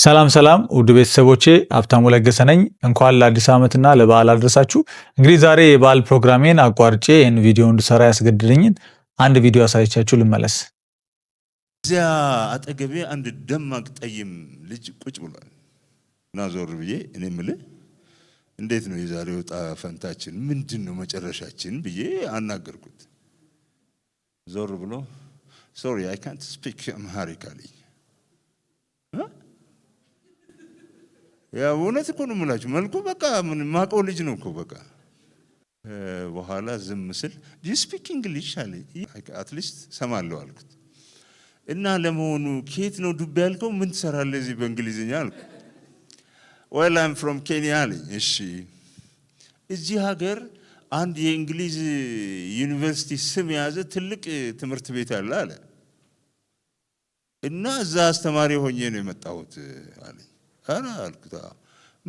ሰላም ሰላም ውድ ቤተሰቦቼ ሀብታሙ ለገሰ ነኝ። እንኳን ለአዲስ ዓመትና ለበዓል አድረሳችሁ። እንግዲህ ዛሬ የበዓል ፕሮግራሜን አቋርጬ ይህን ቪዲዮ እንድሰራ ያስገድደኝን አንድ ቪዲዮ አሳይቻችሁ ልመለስ። እዚያ አጠገቤ አንድ ደማቅ ጠይም ልጅ ቁጭ ብሏል እና ዞር ብዬ እኔ ምል እንዴት ነው የዛሬው ዕጣ ፈንታችን ምንድን ነው መጨረሻችን ብዬ አናገርኩት። ዞር ብሎ ሶሪ አይ ካንት ስፒክ አምሃሪክ አለኝ። እውነት እኮ ነው የምላችሁ። መልኩ በቃ ማቀው ልጅ ነው እኮ በቃ በኋላ ዝም ስል ዲስፒክ እንግሊሽ አለ። አትሊስት ሰማለሁ አልኩት እና ለመሆኑ ከየት ነው ዱቤ ያልከው? ምን ትሰራለህ እዚህ በእንግሊዝኛ አልኩ። ዌል አም ፍሮም ኬንያ አለኝ። እሺ እዚህ ሀገር አንድ የእንግሊዝ ዩኒቨርሲቲ ስም የያዘ ትልቅ ትምህርት ቤት አለ አለ እና እዛ አስተማሪ ሆኜ ነው የመጣሁት አለኝ። ኧረ አልኩት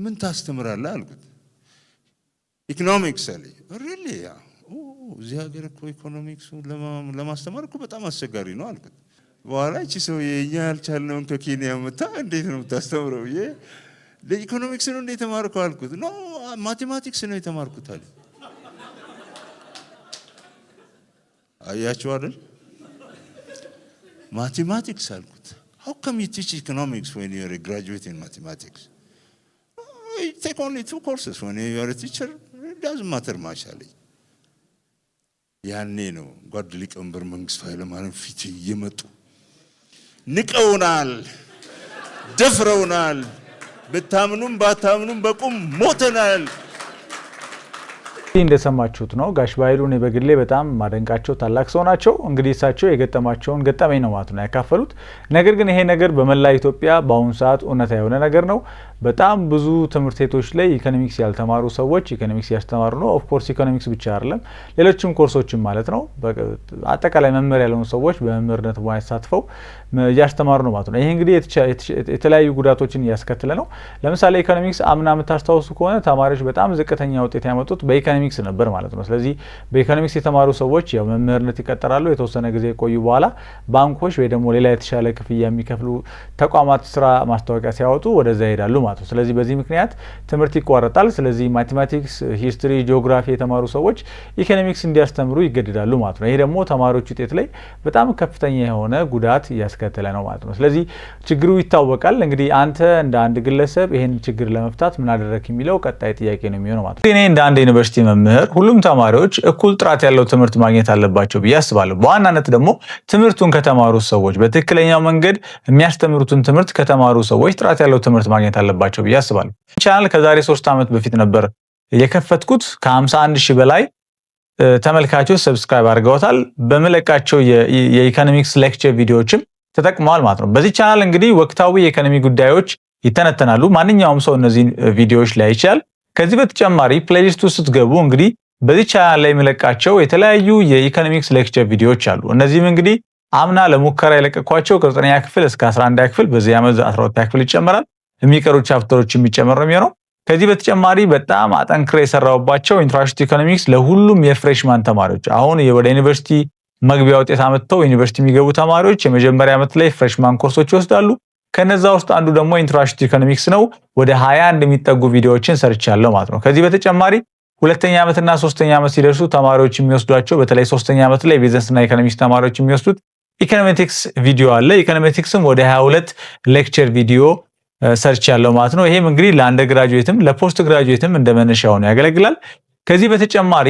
ምን ታስተምራለህ አልኩት። ኢኮኖሚክስ አለኝ። ሪሊ እዚህ ሀገር እኮ ኢኮኖሚክሱ ለማስተማር እኮ በጣም አስቸጋሪ ነው አልኩት። በኋላ ይቺ ሰውዬ እኛ ያልቻልነውን ከኬንያ መታ እንዴት ነው የምታስተምረው? ይ ለኢኮኖሚክስ ነው እንደ የተማርከው አልኩት። ኖ ማቴማቲክስ ነው የተማርኩት አለ። አያችሁ አይደል ማቴማቲክስ አልኩት። How come you teach economics when you're a graduate in mathematics? You take only two courses when you're a teacher. It doesn't matter much አለኝ። ያኔ ነው ጓድ ሊቀመንበር መንግስቱ ኃይለማርያም ፊት እየመጡ ንቀውናል፣ ደፍረውናል፣ ብታምኑም ባታምኑም በቁም ሞተናል እንደሰማችሁት ነው ጋሽ ባህሩ እኔ በግሌ በጣም ማደንቃቸው ታላቅ ሰው ናቸው። እንግዲህ እሳቸው የገጠማቸውን ገጠመኝ ነው ማለት ነው ያካፈሉት። ነገር ግን ይሄ ነገር በመላ ኢትዮጵያ በአሁኑ ሰዓት እውነታ የሆነ ነገር ነው። በጣም ብዙ ትምህርት ቤቶች ላይ ኢኮኖሚክስ ያልተማሩ ሰዎች ኢኮኖሚክስ ያስተማሩ ነው። ኦፍኮርስ ኢኮኖሚክስ ብቻ አይደለም፣ ሌሎችም ኮርሶችም ማለት ነው። አጠቃላይ መምህር ያልሆኑ ሰዎች በመምህርነት ሙያ ተሳትፈው እያስተማሩ ነው ማለት ነው። ይህ እንግዲህ የተለያዩ ጉዳቶችን እያስከትለ ነው። ለምሳሌ ኢኮኖሚክስ አምና የምታስታውሱ ከሆነ ተማሪዎች በጣም ዝቅተኛ ውጤት ያመጡት በኢኮኖሚክስ ነበር ማለት ነው። ስለዚህ በኢኮኖሚክስ የተማሩ ሰዎች ያው መምህርነት ይቀጠራሉ። የተወሰነ ጊዜ የቆዩ በኋላ ባንኮች ወይ ደግሞ ሌላ የተሻለ ክፍያ የሚከፍሉ ተቋማት ስራ ማስታወቂያ ሲያወጡ ወደዛ ይሄዳሉ ማለት ነው። ማለት ነው። ስለዚህ በዚህ ምክንያት ትምህርት ይቋረጣል። ስለዚህ ማቴማቲክስ፣ ሂስትሪ፣ ጂኦግራፊ የተማሩ ሰዎች ኢኮኖሚክስ እንዲያስተምሩ ይገደዳሉ ማለት ነው። ይሄ ደግሞ ተማሪዎች ውጤት ላይ በጣም ከፍተኛ የሆነ ጉዳት እያስከተለ ነው ማለት ነው። ስለዚህ ችግሩ ይታወቃል። እንግዲህ አንተ እንደ አንድ ግለሰብ ይህን ችግር ለመፍታት ምን አደረክ የሚለው ቀጣይ ጥያቄ ነው የሚሆነው ማለት ነው። እኔ እንደ አንድ ዩኒቨርሲቲ መምህር ሁሉም ተማሪዎች እኩል ጥራት ያለው ትምህርት ማግኘት አለባቸው ብዬ አስባለሁ። በዋናነት ደግሞ ትምህርቱን ከተማሩ ሰዎች በትክክለኛው መንገድ የሚያስተምሩትን ትምህርት ከተማሩ ሰዎች ጥራት ያለው ትምህርት ማግኘት አለባቸው አለባቸው ብዬ አስባለሁ። ቻናል ከዛሬ ሶስት ዓመት በፊት ነበር የከፈትኩት። ከ51 ሺህ በላይ ተመልካቾች ሰብስክራይብ አድርገውታል። በምለቃቸው የኢኮኖሚክስ ሌክቸር ቪዲዮዎችም ተጠቅመዋል ማለት ነው። በዚህ ቻናል እንግዲህ ወቅታዊ የኢኮኖሚ ጉዳዮች ይተነተናሉ። ማንኛውም ሰው እነዚህን ቪዲዮዎች ላይ ይችላል። ከዚህ በተጨማሪ ፕሌሊስቱ ስትገቡ እንግዲህ በዚህ ቻናል ላይ የሚለቃቸው የተለያዩ የኢኮኖሚክስ ሌክቸር ቪዲዮዎች አሉ። እነዚህም እንግዲህ አምና ለሙከራ የለቀኳቸው ከ9ኛ ክፍል እስከ 11ኛ ክፍል በዚህ ዓመት 12ኛ ክፍል ይጨመራል። የሚቀሩ ቻፕተሮች የሚጨመር ነው የሚሆነው። ከዚህ በተጨማሪ በጣም አጠንክሬ የሰራውባቸው ኢንትራንሽት ኢኮኖሚክስ ለሁሉም የፍሬሽማን ተማሪዎች አሁን ወደ ዩኒቨርሲቲ መግቢያ ውጤት አመጥተው ዩኒቨርሲቲ የሚገቡ ተማሪዎች የመጀመሪያ ዓመት ላይ ፍሬሽማን ኮርሶች ይወስዳሉ። ከነዛ ውስጥ አንዱ ደግሞ ኢንትራንሽት ኢኮኖሚክስ ነው። ወደ ሀያ እንደሚጠጉ ቪዲዮዎችን ሰርቻለሁ ማለት ነው። ከዚህ በተጨማሪ ሁለተኛ ዓመትና ሶስተኛ ዓመት ሲደርሱ ተማሪዎች የሚወስዷቸው በተለይ ሶስተኛ ዓመት ላይ ቢዝነስና ኢኮኖሚክስ ተማሪዎች የሚወስዱት ኢኮኖሜቲክስ ቪዲዮ አለ። ኢኮኖሜቲክስም ወደ 22 ሌክቸር ቪዲዮ ሰርች ያለው ማለት ነው። ይሄም እንግዲህ ለአንደ ግራጁዌትም ለፖስት ግራጁዌትም እንደ መነሻ ሆኖ ያገለግላል። ከዚህ በተጨማሪ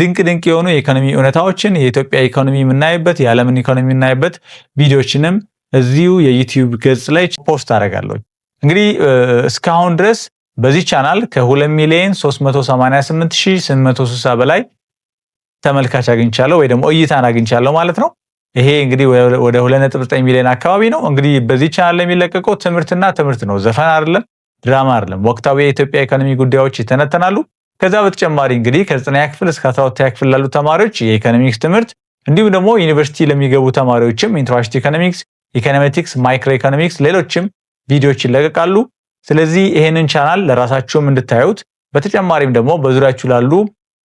ድንቅ ድንቅ የሆኑ የኢኮኖሚ እውነታዎችን የኢትዮጵያ ኢኮኖሚ የምናይበት የዓለምን ኢኮኖሚ የምናይበት ቪዲዮችንም እዚሁ የዩቲዩብ ገጽ ላይ ፖስት አደርጋለሁ። እንግዲህ እስካሁን ድረስ በዚህ ቻናል ከ2 ሚሊዮን 388860 በላይ ተመልካች አግኝቻለሁ ወይ ደግሞ እይታን አግኝቻለሁ ማለት ነው። ይሄ እንግዲህ ወደ 2.9 ሚሊዮን አካባቢ ነው። እንግዲህ በዚህ ቻናል ላይ የሚለቀቀው ትምህርትና ትምህርት ነው። ዘፈን አይደለም፣ ድራማ አይደለም። ወቅታዊ የኢትዮጵያ ኢኮኖሚ ጉዳዮች ይተነተናሉ። ከዛ በተጨማሪ እንግዲህ ከዘጠነኛ ክፍል እስከ 12ኛ ክፍል ላሉ ተማሪዎች የኢኮኖሚክስ ትምህርት እንዲሁም ደግሞ ዩኒቨርሲቲ ለሚገቡ ተማሪዎችም ኢንትራሽት ኢኮኖሚክስ፣ ኢኮኖሜቲክስ፣ ማይክሮ ኢኮኖሚክስ፣ ሌሎችም ቪዲዮዎች ይለቀቃሉ። ስለዚህ ይሄንን ቻናል ለራሳችሁም እንድታዩት በተጨማሪም ደግሞ በዙሪያችሁ ላሉ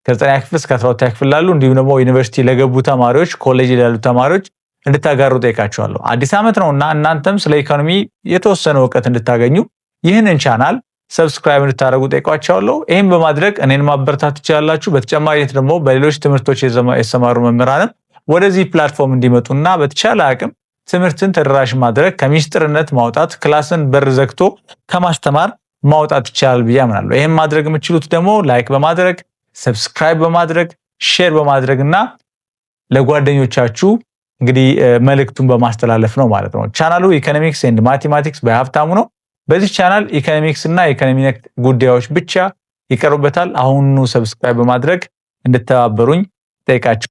ከዘጠና ክፍል እስከ አስራ ሁለተኛ ክፍል ላሉ እንዲሁም ደግሞ ዩኒቨርሲቲ ለገቡ ተማሪዎች፣ ኮሌጅ ላሉ ተማሪዎች እንድታጋሩ ጠይቃቸዋለሁ። አዲስ ዓመት ነው እና እናንተም ስለ ኢኮኖሚ የተወሰነ እውቀት እንድታገኙ ይህንን ቻናል ሰብስክራይብ እንድታደረጉ ጠይቋቸዋለሁ። ይህም በማድረግ እኔን ማበረታት ትችላላችሁ። በተጨማሪነት ደግሞ በሌሎች ትምህርቶች የተሰማሩ መምህራንም ወደዚህ ፕላትፎርም እና በተቻለ አቅም ትምህርትን ተደራሽ ማድረግ ከሚስጥርነት ማውጣት፣ ክላስን በር ዘግቶ ከማስተማር ማውጣት ይቻላል ብዬ አምናለሁ። ይህም ማድረግ የምችሉት ደግሞ ላይክ በማድረግ ሰብስክራይብ በማድረግ ሼር በማድረግ እና ለጓደኞቻችሁ እንግዲህ መልእክቱን በማስተላለፍ ነው ማለት ነው። ቻናሉ ኢኮኖሚክስ ኤንድ ማቴማቲክስ በሀብታሙ ነው። በዚህ ቻናል ኢኮኖሚክስ እና ኢኮኖሚ ነክ ጉዳዮች ብቻ ይቀርቡበታል። አሁኑ ሰብስክራይብ በማድረግ እንድተባበሩኝ ጠይቃችሁ